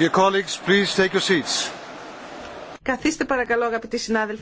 Dear colleagues, please take your seats. Καθίστε παρακαλώ αγαπητοί συνάδελφοι.